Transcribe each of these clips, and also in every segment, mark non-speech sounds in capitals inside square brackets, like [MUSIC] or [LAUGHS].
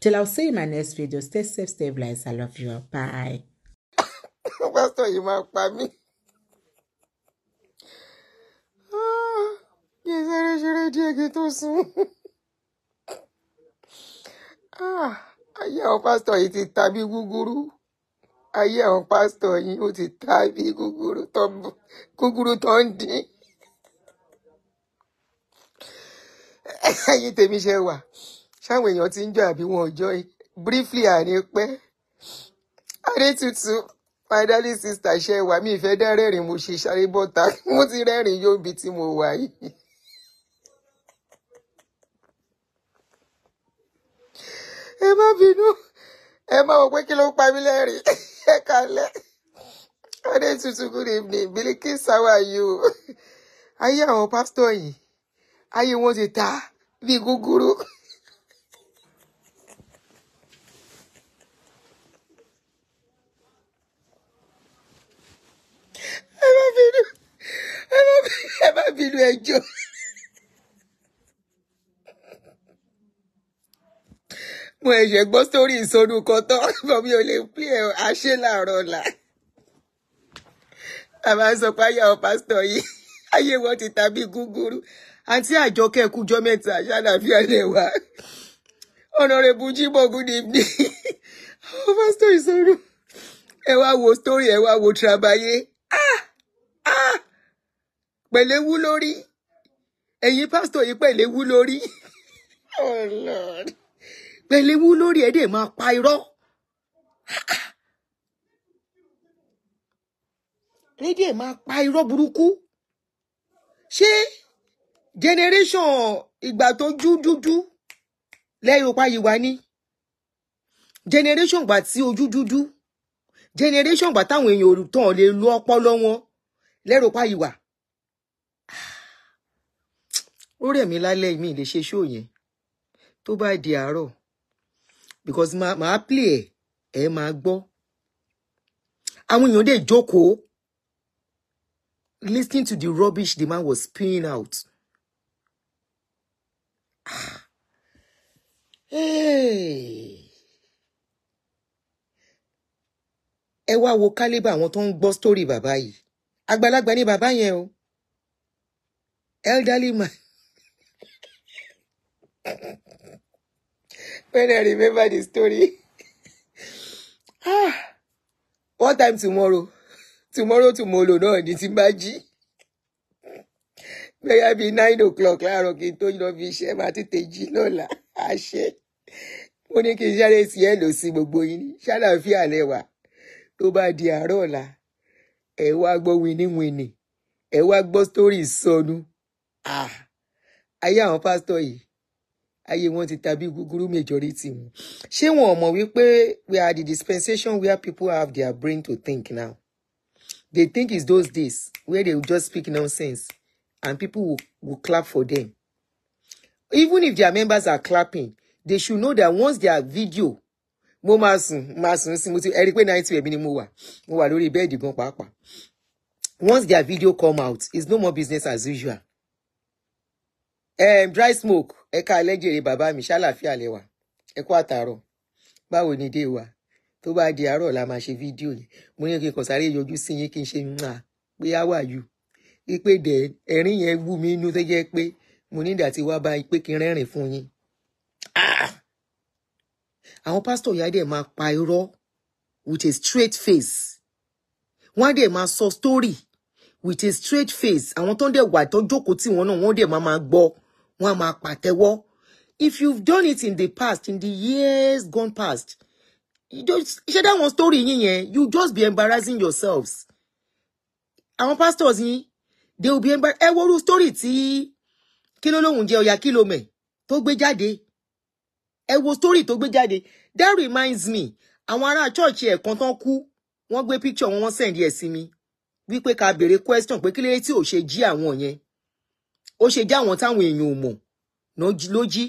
Till I'll see you in my next video. Stay safe, stay blessed. I love you. Bye. [LAUGHS] Pastor, you máa pa me? Ah, Kì í sáré ṣeré díẹ̀ kí tó sùn. Ah, ayé àwọn Pastor yìí ti ta bí gúgúrú. Ayé àwọn pásítọ̀ yìí ó guguru ta bí gúgúrú tó ń dín. Ẹ̀yin [LAUGHS] ṣáwọn èèyàn ti ń jọ àbí wọn ò briefly àní pẹ́ adétutù my darling sister ṣe wà mí ìfẹ́ dá rẹ́rìn mo ṣe sáré bọ́ta [LAUGHS] mo ti rẹ́rìn yóò bí tí mo wà yìí. ẹ má bínú ẹ má wò pé kí ló ń pa mí lẹ́rìn [LAUGHS] ẹ kalẹ̀ adétutù good evening Biliki how are you ayé àwọn pásítọ̀ yìí ayé wọn ti ta bí gúgúrú. bínú ẹjọ́. mo ẹ̀ṣẹ̀ gbọ́ sórí ìsọnù kan tán bọ́ mi ò lè pín ẹ̀ àṣẹ làárọ̀ ọ̀la. àmà sọ pé àyàwó pásítọ̀ yìí [LAUGHS] ayé wọn ti ta bí gúgúrú àti àjọkẹ́ kújọ́ mẹ́ta ṣáláfíà lẹ̀ wá. ọ̀nàrẹ́bù Jímọ̀ gúdí ní [LAUGHS] àwọn pásítọ̀ ìsọnù ẹ wá wo story ẹ wá wo trabayé. ah pẹ̀lẹ́wú lórí ẹ̀yin pásítọ̀ yìí pẹ̀lẹ́wú lórí [LAUGHS] oh Lord pẹ̀lẹ́wú lórí ẹ̀ dẹ̀ máa pa irọ́. rédíò ẹ̀ máa pa irọ́ burúkú ṣé generation ìgbà tó jú dúdú lẹ́yìn pa yìí wá ní generation ìgbà tí ojú dúdú generation ìgbà táwọn èèyàn ò tàn lè lo ọpọlọ wọn lẹ́rọ yìí wá ó rẹ̀ mí lálẹ́ mi lè ṣe show yẹn tó bá di àárọ̀ because màá màá play ẹ̀ ẹ̀ máa gbọ́ àwọn èèyàn dẹ̀ jókòó listening to the rubbish the man was spewing out. Ah. ẹ wá wo kálíbà àwọn tó ń gbọ́ sítórì bàbá yìí àgbàlagbà ni bàbá yẹn o elderly man when I remember the story. [LAUGHS] ah, what time tomorrow? Tomorrow, tomorrow, no, ni tí n bá jí. Bẹ́ẹ̀ nine o'clock láàárọ̀ kí n don't lọ fi iṣẹ́ máa tètè jí lọ́la. Àṣẹ. Mo ní can share sáré sí ẹ̀ boy, sí gbogbo yín. Ṣàlàáfíà lẹ́wà. Tó bá di àárọ̀ ọ̀la, ẹ wá gbọ́ winiwini. Ẹ wá gbọ́ story sọnù. Ah, ayé àwọn pásítọ̀ yìí ayé wọn ti tàbí gúgúrú majority wọn ṣé wọn ò wípé we are the dispensation where people have their brain to think now they think it's those days where they just speak nonsense and people will, will clap for them even if their members are clapping they should know that once their video mo máa sùn máa sùn sí mo ti ẹ rí i pé ninety ẹ̀mí ni mo wà mo wà lórí bẹ́ẹ̀dì gan pàápàá once their video come out it's no more business as usual um, dry smoke ẹ ká alẹ́jèrè bàbá mi ṣàlàfíà lẹ́wà ẹ kú àtàárọ̀ báwo ni dé wa tó bá di àárọ̀ la máa ṣe fídíò yẹn mo ní kí n kàn sáré yọjú sí yín kí n ṣe mwah pé á wà yù ipe dẹ̀ ẹ̀rín yẹn wú mi inú tó jẹ́ pé mo ní ìdàtí wá bá pé kí n rẹ́rìn fún yín ah! àwọn pásítọ̀ yá dẹ̀ máa pa irọ́ with a straight face wọ́n á dẹ̀ máa sọ story with a straight face àwọn tó ń dẹ̀ wà tó jókòó tí wọn náà wọ́n dẹ̀ máa máa gbọ́ wọ́n á máa pàtẹ́wọ́ if you've done it in the past in the years gone past ṣé dáwọn story yín yẹn you just be embarrassing yourselves àwọn pastors yín they will be embarrassed ẹ wọ́rú story tí kí ló lóhùn jẹ́ ọ̀yà kílòmẹ̀ tó gbé jáde ẹ wo story tó gbé jáde that reminds me àwọn ará church ẹ̀kan tán kú wọ́n gbé picture wọn wọ́n send ẹ̀ sí mi wípé ká béèrè question pé kí lóye tí ò ṣe jí àwọn yẹn ó ṣe jẹ́ àwọn táwọn èèyàn ò mọ̀ ló jí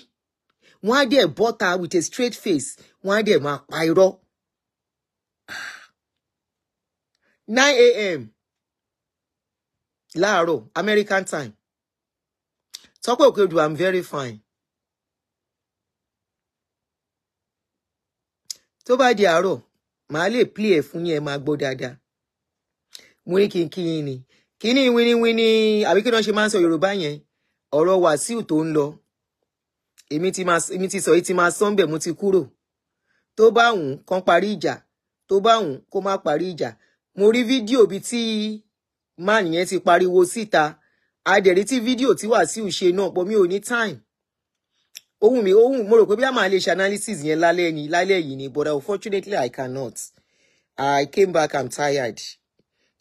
wọ́n á dẹ̀ bọ́ta with a straight face wọ́n á dẹ̀ máa pa irọ́. nine a.m. láàárọ̀ American time Tọ́pẹ́ Òkèdù I'm very fine. tó bá di àárọ̀ màá lè plé ẹ̀ fún yín ẹ máa gbọ́ dáadáa mo ní kí n kí yín ni kíní winiwini àbí kí wọ́n ṣe máa ń sọ yorùbá yẹn ọ̀rọ̀ wàsíù tó ń lọ èmi ti sọ èyí ti máa sọ́ńbẹ̀ mo ti kúrò tó bá wùn kán parí ìjà tó bá wùn kó má parí ìjà mo rí fídíò bíi tí máà nìyẹn ti pariwo síta adẹ̀rí tí fídíò tí wàsíù ṣe náà pọ̀ mi ò ní time ohun mi ohun mo rò pé bí a máa lè ṣe analysis yẹn lálẹ́ ni lálẹ́ yìí ni but unfortunately I cannot I came back I'm tired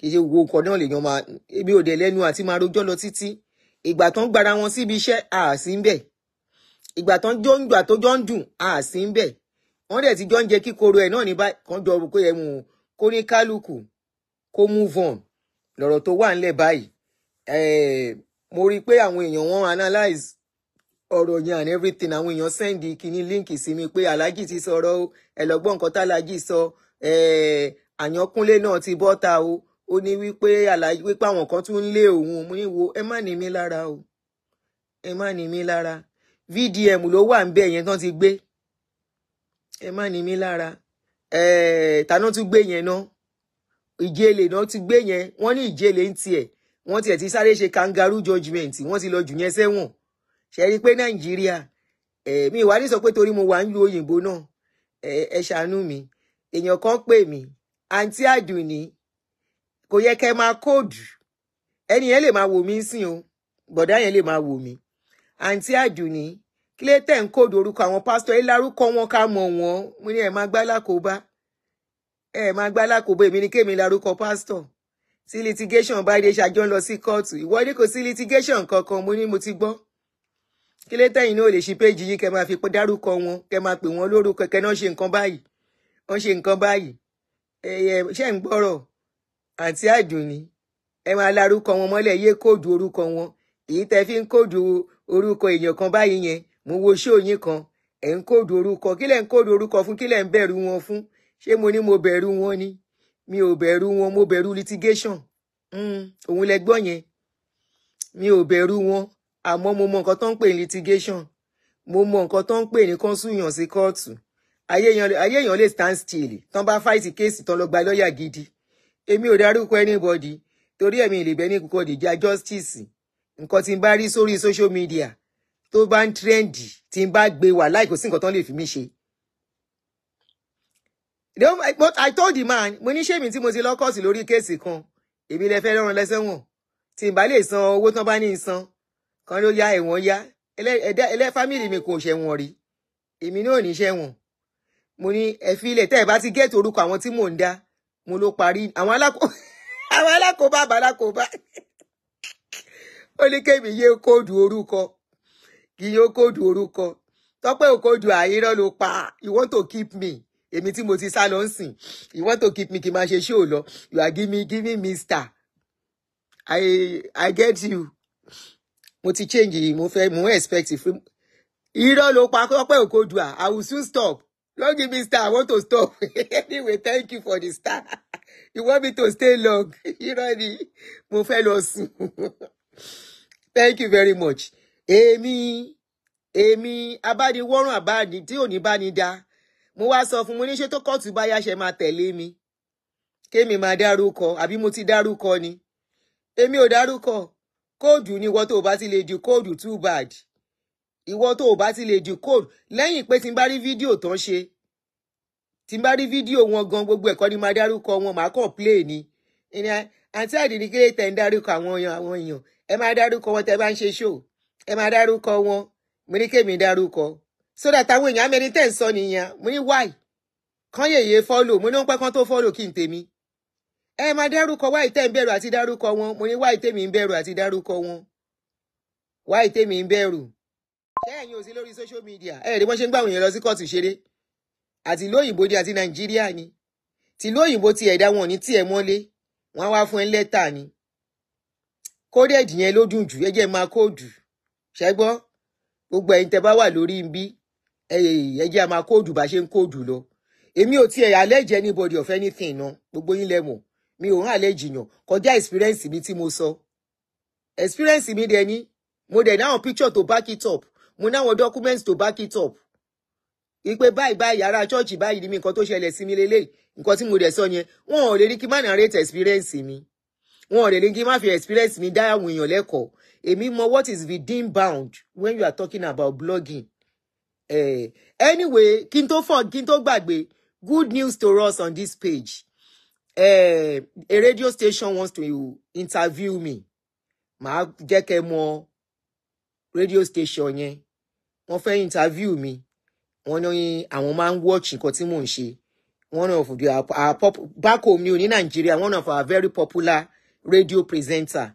kì í ṣe wo ọkọ̀ náà lèèyàn máa ebi òde lẹ́nu àti máa rojọ́ lọ títí ìgbà tán gbara wọn síbi iṣẹ́ àásí ń bẹ̀ ìgbà tán jọ ń gbà tó jọ ń dùn àásí ń bẹ̀ wọ́n dẹ̀ ti jọ ń jẹ kíkorò ẹ̀ náà ní báyìí kan jọ pé ẹ̀ kó ní kálukú kó move on lọ́rọ̀ tó wà ńlẹ̀ báyìí mo rí i pé àwọn èèyàn wọn analyze ọ̀rọ̀ yẹn and everything àwọn èèyàn send kínní líǹkì sí mi pé aláàjì ti sọ̀rọ̀ o ẹ̀ lọ́gbọ́n nǹkan tálájì sọ àyànkúnlé náà ti bọ́ta o ó ní wípé àlàyé wípé àwọn kan tún ń lé òun mo ní wo ẹ má ní mí lára o ẹ má ní mí lára vdm ló wà ń bẹ yẹn tán ti gbé ẹ má ní mí lára tàná tún gbé yẹn náà ìjẹlè náà ti gbé yẹn wọ́n ní ìjẹlè ń tiẹ̀ wọ́n tiẹ̀ ti sáré ṣe kangaroo judgement wọ́n ti lọ jù yẹn sẹ́wọ̀n ṣe rí i pé nàìjíríà mi ìwà ní sọ pé torí mo wà ń lu òyìnbó náà ẹ ṣàánú mi èèyàn kan pè mí àǹtí àdùnní kò yẹ kẹ́ máa kóòdù ẹni yẹn lè máa wò mí sìn o bọ̀dá yẹn lè máa wò mí àǹtí àdùnní kí lè tẹ̀ ń kóòdù orúkọ àwọn pásítọ̀ ẹ lárúkọ wọn ká mọ̀ wọ́n mo ní ẹ̀ máa gbá lákòóbá ẹ̀ máa gbá lákòóbá èmi ni kémi lárúkọ pásítọ̀ tí litigation bá dé ṣàjọ lọ sí kóòtù ìwọ́dí kò sí litigation kankan mo ní mo ti gbọ́ kí lè tẹ̀yìn náà lè ṣí péjì yìí kẹ́ máa fi dárúkọ wọn kẹ́ máa pè wọ́n lórúkọ kẹ́ náà ṣe nǹkan báyìí wọ́n ṣe nǹkan báyìí ṣẹ́ ń gbọ́rọ̀ àǹtí àdùnní ẹ máa larúkọ wọn mọ́lẹ̀ yé kóòdù orúkọ wọn èyí tẹ́ fi ń kóòdù orúkọ èèyàn kan báyìí yẹn mo wo ṣó yín kan ẹ̀ ń kóòdù orúkọ kílẹ̀ ń kóòdù orúkọ fún kílẹ̀ ń bẹ̀rù wọn fún ṣé mo ní mo bẹ̀rù wọn ni mi ò bẹ̀rù wọn mo bẹ̀rù litigation hmm, òun lẹ gbọ́ yẹn mi ò bẹ̀rù wọn àmọ́ mo mọ nǹkan tó ń pè ní litigation mo mọ nǹkan tó ń pè ní kọ́nsúyàn sí kóòtù ayé èèyàn lè stand still tán bá fáìtì kéèsì tán lọ gba lọ́ọ̀yà gidi èmi ò dárúkọ anybody torí èmi ìlèbẹ ní kúkọ dìjà justice nǹkan tí n bá rí sórí social media tó bá ń tírẹ́ǹdì tí n bá gbé wà láì kò sí nǹkan tán lè fi mí ṣe. but I told the man mo ní ṣèmi tí mo ti lọ́kọ̀sì lórí kéèsì kan èmi lè fẹ́ rán lẹ́sẹ̀wọ̀n tí n bá lè san owó tán bá ní í san kan ló ya ẹ̀wọ̀n ya ẹlẹ́ fámìlì mi kò ṣẹ̀wọ̀n rí èmi náà ní ṣẹ̀wọ̀n mo ní ẹ̀fílẹ̀ tẹ́ ẹ̀ bá ti géètì orúkọ àwọn tí mò ń dá mo ló parí àwọn alákòóbá [LAUGHS] àwọn alákòóbá àbá alákòóbá ó ní kémi yé kóòdù orúkọ kì í yé kóòdù orúkọ tọpẹ òkóòdù àìrọ ló pa you want to keep me èmi tí mo ti sá lọ ń sìn you want to keep me kì í máa ṣe ṣé ò lọ you are give me give me mister i i get you mo ti change mo fẹ́ mo expect free ló pa tọpẹ òkóòdù à i will soon stop Don't give me star. I want to stop. [LAUGHS] anyway, thank you for the star. [LAUGHS] You want me to stay long. [LAUGHS] you know the mo fẹ́ Thank you very much. Amy. Amy, about the war, about the bá ní dá. Mo wá sọ fún mo ní ṣé tó kọ́ọ̀tù báyá ṣe máa tẹ̀lé mi. Kémi máa daruko. àbí mo ti daruko ni. Èmi ò dárúkọ. Kóòdù ni ìwọ to o bá ti lè di kóòdù too bad ìwọ tó o bá ti lè decode lẹ́yìn pé tí n bá rí fídíò tán ṣe tí n bá rí fídíò wọn gan gbogbo ẹ̀kọ́ ni máa dárúkọ wọn máa kàn play ni àǹtí àdìríkèrè tẹ̀ ń dárúkọ àwọn èèyàn àwọn èèyàn ẹ máa dárúkọ wọn tẹ bá ń ṣe show ẹ máa dárúkọ wọn mo ní kémi dárúkọ sódà táwọn èèyàn amẹni tẹ̀ ń sọ nìyẹn mo ní why kán yèyé follow mo ní wọn pẹ́ kán tó follow kí n tèmi ẹ máa dárúkọ why tẹ̀ ń bẹ̀rù àti dárúkọ wọn mo ní why tèmi ń bẹ̀rù àti dárúkọ wọn why tèmi ń bẹ̀rù ṣé ẹ̀yin ò sí lórí social media ẹ rí bọ́n ṣe ń gbàwọ̀n yẹn lọ sí kóòtù ṣeré àti ìlú òyìnbó ni àti nàìjíríà ni tìlú òyìnbó ti ẹ̀dá wọn ní tí ẹ mọ́lé wọn á wá fún ẹ lẹ́tà ni kódẹ́ẹ̀dì yẹn ló dùn jù ẹ jẹ́ máa kóòdù ṣẹ́gbọ́ gbogbo ẹ̀yin tẹ́ bá wà lórí nbí ẹ jẹ́ máa kóòdù bá ṣe ń kóòdù lọ èmi ò tiẹ̀ allege anybody of anything náà gbogbo yín lẹ́mọ̀ mi ò hàn allege yàn kọjá experience mi tí mo sọ experience mi dẹ̀ ni mo dẹ̀ náà picture to back it up mo náwọn documents to back it up ìpè báyìí báyìí ara church báyìí ni mi nǹkan tó ṣẹlẹ̀ sí mi lélẹ̀ nǹkan tí mo dẹ̀ sọ yẹn wọn ò lè ní kí n má narrate experience mi wọn ò lè ní kí má fi experience mi dá àwọn èèyàn lẹ́kọ̀ọ́ èmi mọ what is within bound when you are talking about blogging eh, anyway kí n tó fọ kí n tó gbàgbé good news to us on this page eh, a radio station wants to interview me màá jẹ́ kẹ́ mọ radio station yẹn wọ́n fẹ́ interview mi wọ́n ní àwọn máa ń watch nǹkan tí mò ń ṣe one of the our, our pop, back home ní Nigeria one of our very popular radio presenter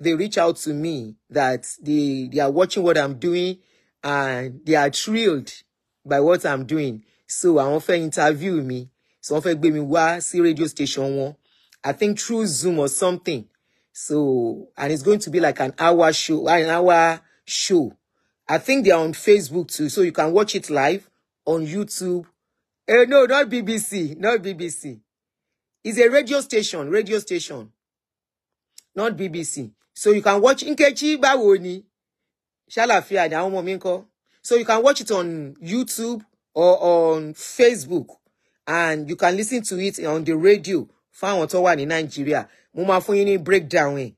they reach out to me that they they are watching what I'm doing and they are thrilled by what I'm doing so àwọn fẹ́ interview mi so wọ́n fẹ́ gbé mi wá sí radio station wọn I think through Zoom or something so and it's going to be like an hour show an hour show I think they are on Facebook too, so you can watch it live on YouTube. Eh, no, not BBC, not BBC. It's a radio station, radio station, not BBC. So you can watch Nkechi Bawoni, Shalafia, Naomo Minko. So you can watch it on YouTube or on Facebook, and you can listen to it on the radio. Fáwọn tó wà ní Nàìjíríà, mo máa breakdown ẹ̀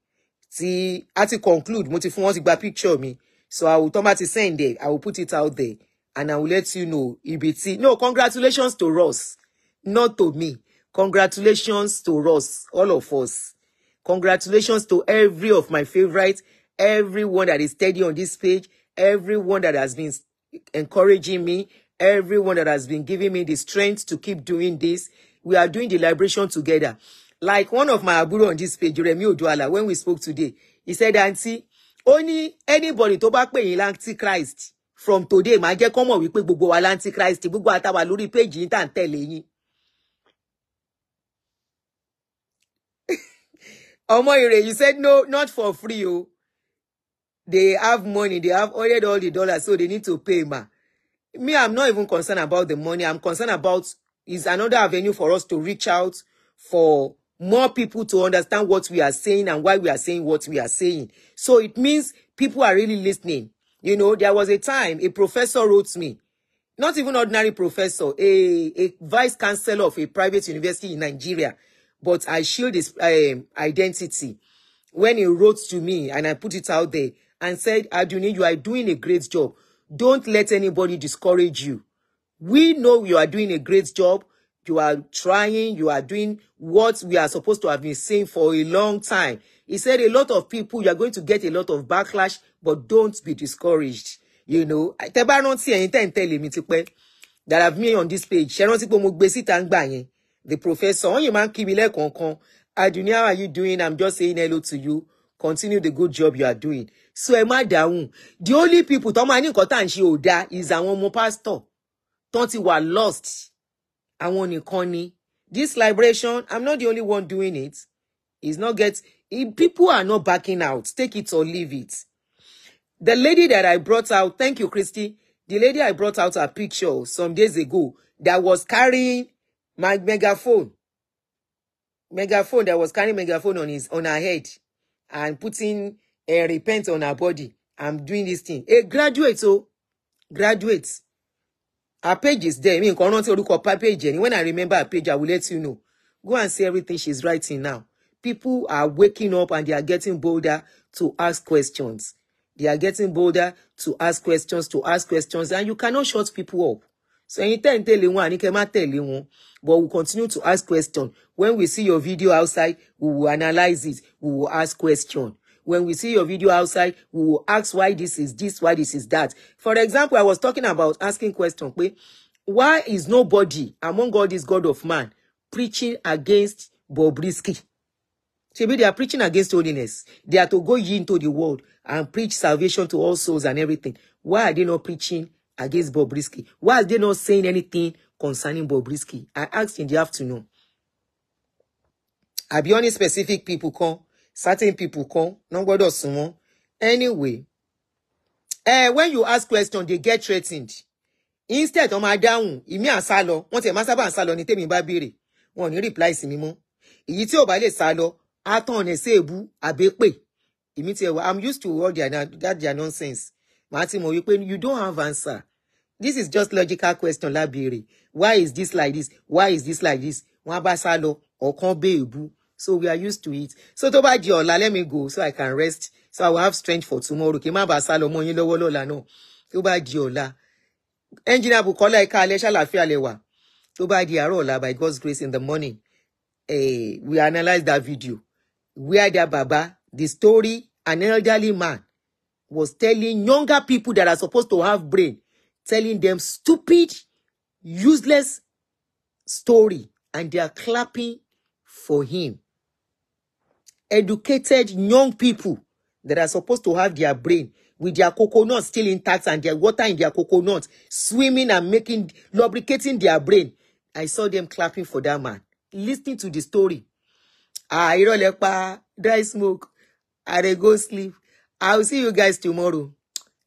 tí a ti conclude, mo ti fún wọn ti picture mi. So I will Thomas is send there. I will put it out there and I will let you know. EBT. No, congratulations to Ross. Not to me. Congratulations to Ross, all of us. Congratulations to every of my favorites, everyone that is steady on this page, everyone that has been encouraging me, everyone that has been giving me the strength to keep doing this. We are doing the liberation together. Like one of my aburo on this page, Remi Oduala, when we spoke today, he said, Auntie, ó ní anybody tó bá pè yín l'antichrist from today máa jẹ́ kọ́mọ̀ wípé gbogbo wa l'antichrist gbogbo àtàwà lórí péjì yín tà ń tẹ̀lé yín. [LAUGHS] ọmọ ire you said no not for free o. Oh. They have money. They have ordered all the dollars, so they need to pay ma. Me, I'm not even concerned about the money. I'm concerned about is another avenue for us to reach out for more people to understand what we are saying and why we are saying what we are saying. So it means people are really listening. You know, there was a time a professor wrote me, not even ordinary professor, a, a vice chancellor of a private university in Nigeria, but I shield his um, identity when he wrote to me and I put it out there and said, Aduni, you are doing a great job. Don't let anybody discourage you. We know you are doing a great job. you are trying, you are doing what we are supposed to have been saying for a long time. He said a lot of people, you are going to get a lot of backlash, but don't be discouraged. You know, tẹ́ bá rántí ẹ̀yin tẹ́ ń tẹ̀lé mi ti pẹ́ that have me on this page. Ṣé rántí pé mo gbé síta ń gbà yẹn. The professor, wọ́n yìí máa ń kí mi lẹ́ẹ̀kọ̀ọ̀kan. Adunia, how are you doing? I'm just saying hello to you. Continue the good job you are doing. So ẹ má dáhùn. The only people tó máa ní nǹkan tá à ń ṣe ò is àwọn ọmọ pastor. Tó ti wà lost àwọn nìkan ni this liberation i'm not the only one doing it it's not get people are not backing out take it or leave it the lady that i brought out thank you christy the lady i brought out her picture some days ago that was carrying my megaphone megaphone that was carrying megaphone on his on her head and putting a eh, repent on her body i'm doing this thing a graduate oh graduate Her page is there. I mean, kan rántí orúkọ page and when I remember her page, I will let you know. Go and see everything she's writing now. People are waking up and they are getting bolder to ask questions. They are getting bolder to ask questions, to ask questions, and you cannot shut people up. So anytime tell you one, you not tell you one. But we continue to ask questions. When we see your video outside, we will analyze it. We will ask questions. When we see your video outside, we will ask why this is this, why this is that. For example, I was talking about asking question, why is nobody among all this God of man preaching against Bobrisky? Maybe they are preaching against holiness. They are to go into the world and preach salvation to all souls and everything. Why are they not preaching against Bobrisky? Why are they not saying anything concerning Bobrisky? I asked in the afternoon. I be only specific people come certain people come, no gbọ́dọ̀ sún wọn anyway uh, when you ask question they get threatened instead wọn my down, ìmí àsá lọ wọn tiẹ̀ máa sábà ń sá lọ ní tèmi bá béèrè wọn reply sí mi mọ́ èyí tí ò bá lè sá lọ á tàn ọ̀nà sí èbú i'm used to all their that their nonsense màá ti mọ̀ wípé you don't have answer this is just logical question lábẹ́rẹ̀ why is this like this why is this like this wọ́n á bá sá lọ so we are used to it so tó bá di ọ̀la let me go so i can rest so i will have strength for tomorrow kí n má bàa sá lọ mọ́ yín lọ́wọ́ lọ́la náà tó di ọ̀la engineer Bukola ẹ̀ka alẹ́ ṣàlàfíà lẹ́wà tó bá di àárọ̀ ọ̀la by God's grace in the morning eh, we analyze that video where their baba the story an elderly man was telling younger people that are supposed to have brain telling them stupid useless story and they are clapping for him educated young people that are supposed to have their brain with their coconut still intact and their water in their coconut, swimming and making, lubricating their brain. I saw them clapping for that man, listening to the story. Ah, Irolepa, dry smoke. I dey go sleep. I'll see you guys tomorrow.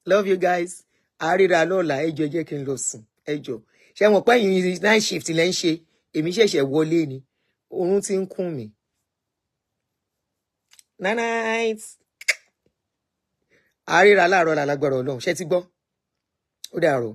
Love you guys. Arira Lola, ẹjọ́ jẹ́ kí n ejo. sùn. mo pẹ́ yìí night shift lẹ́ ń ṣe? Èmi ṣẹ̀ṣẹ̀ wọlé ni. Oorun ti ń kún mi night night àárẹ̀ ra láàárọ̀ làlágbára ọlọ́run ṣé ti gbọ́ ó dàrú.